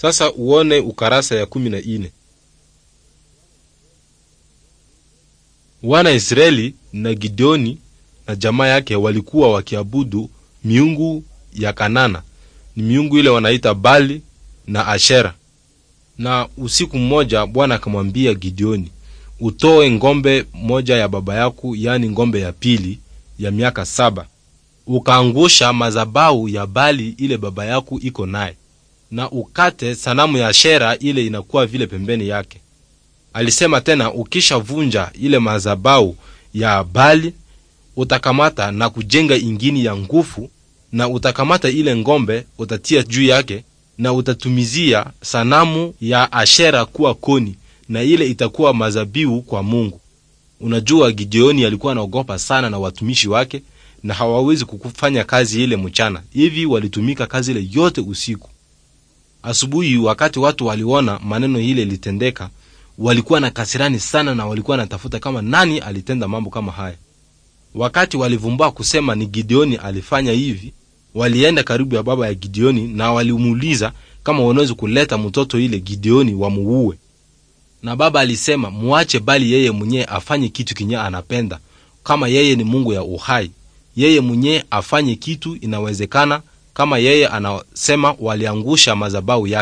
Sasa uone ukarasa ya kumi na ine. Wana Israeli na Gideoni na jamaa yake walikuwa wakiabudu miungu ya Kanana, ni miungu ile wanaita Bali na Ashera. Na usiku mmoja Bwana akamwambia Gideoni, utoe ngombe moja ya baba yako, yaani ngombe ya pili ya miaka saba, ukaangusha mazabau ya Bali ile baba yako iko naye na ukate sanamu ya shera ile inakuwa vile pembeni yake. Alisema tena, ukishavunja ile mazabau ya Bali utakamata na kujenga ingini ya nguvu, na utakamata ile ngombe utatia juu yake, na utatumizia sanamu ya Ashera kuwa koni, na ile itakuwa mazabiu kwa Mungu. Unajua, Gideoni alikuwa anaogopa sana na watumishi wake, na hawawezi kufanya kazi ile mchana, hivi walitumika kazi ile yote usiku. Asubuhi wakati watu waliona maneno ile ilitendeka, walikuwa na kasirani sana, na walikuwa natafuta kama nani alitenda mambo kama haya. Wakati walivumbua kusema ni Gideoni alifanya hivi, walienda karibu ya baba ya Gideoni na walimuuliza kama wanaweza kuleta mtoto ile Gideoni wamuue. Na baba alisema muache, bali yeye mwenyewe afanye kitu kinye anapenda. Kama yeye ni Mungu ya uhai, yeye mwenyewe afanye kitu inawezekana kama yeye anasema waliangusha mazabau yake.